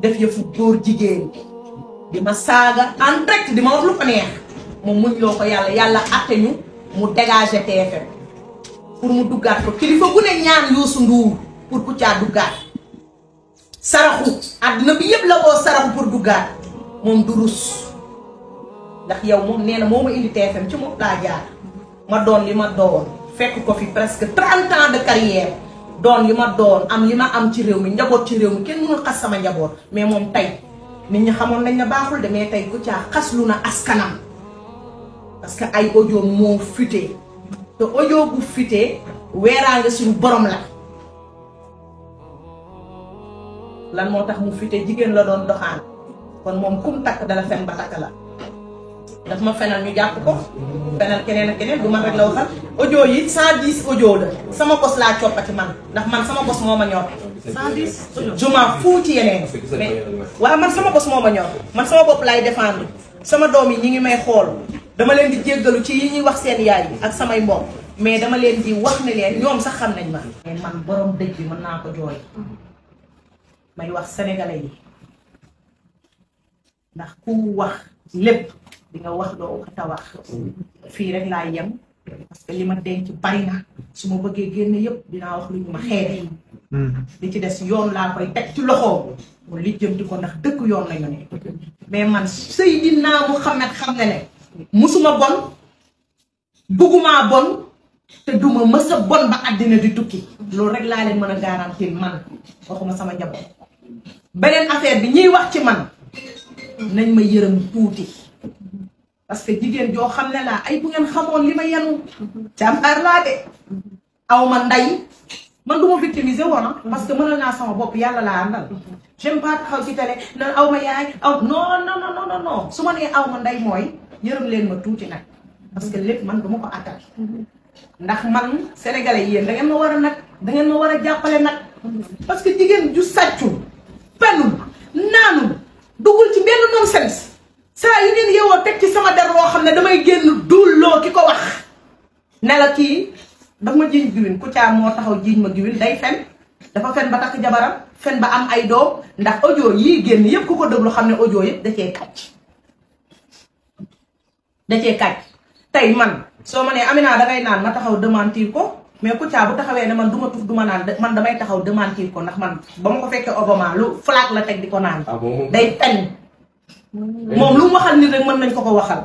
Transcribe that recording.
def yëfu góor jigéen di ma saaga en direct di ma wax lu ko neex mu muñ loo ko yàlla yàlla atte ñu mu dégagé TFM pour mu duggaat ko kilifa gu ne ñaan Youssou Ndour pour ku caa duggaat saraxu àdduna bi yëpp la woo saraxu pour duggaat moom du rus ndax yow moom nee moo ma indi TFM ci mu laa jaar ma doon li ma doon fekk ko fi presque trente ans de carrière doon yi ma doon am yi ma am ci réew mi njaboot ci réew mi kenn mënul xas sama njaboot mais moom tey nit ñi xamoon nañ ne baaxul de mais tey caa xaslu na askanam parce que ay audio moo fuité te audio bu fuité weeraange suñu borom la lan moo tax mu fuité jigéen la doon doxaan kon moom kum takk dala fen ba takk la daf ma fenal ñu jàpp ko fenal keneen ak keneen du rek la waxal audio yi 110 audio la sama bos laa coppati man ndax man sama bos moo ñor 110 je m'en ci yeneen man sama bos moo ñor man sama bopp défendre sama doom ñi ngi may xool dama leen di jéggalu ci yi ñuy wax seen yaay ak samay mbokk mais dama leen di wax ne leen ñoom sax xam nañ ma man borom dëj bi ko may wax sénégalais yi ndax ku wax di nga wax loo xata wax fi rek la yam parce que lima denc bari na su ma bëggee génn yépp dina wax lu ñu ma xeere li ci dess yoon la koy tek ci loxoom mu jëm diko ndax dekk yoon la ñu ne mais man Seydina Muhammad xam ne ne musuma bon buguma bon te duma mës a bon ba adina di tukki loolu rek la leen mëna garantir man waxuma sama jabo benen affaire bi ñi wax ci man nañ ma yërëm tuuti parce que jigéen joo xam ne laa ay bu ngeen xamoon li ma yenu jàmbaar laa de aw ma nday man du ma victimiser woon ah. parce que mënal naa sama bopp yàlla laa àndal. j'aime pas taxaw ci télé nan aw ma yaay aw non non non non su ma nee aw nday mooy yërëm leen ma tuuti nag parce que lépp man du ma ko attaqué. ndax man sénégalais yéen da ngeen ma war a nag da ngeen ma war a jàppale nag. parce que jigéen ju sàccu loo teg ci sama der woo xam ne damay génn duul loo ki ko wax ne la kii daf ma jiiñ giwin ku caa moo taxaw jiiñ ma giwin day fen dafa fen ba takk jabaram fen ba am ay doom ndax audio yii génn yépp ku ko déglu xam ne audio yépp da cee kàcc da cee kàcc tey man soo ma nee Amina dangay naan ma taxaw démentir ko mais Kouthia bu taxawee ne man du ma tux du ma naan man damay taxaw démentir ko ndax man ba ma ko fekkee Obama lu flag la teg di ko naan ah day fen moom lu ma waxal nit rek mën nañ ko ko waxal.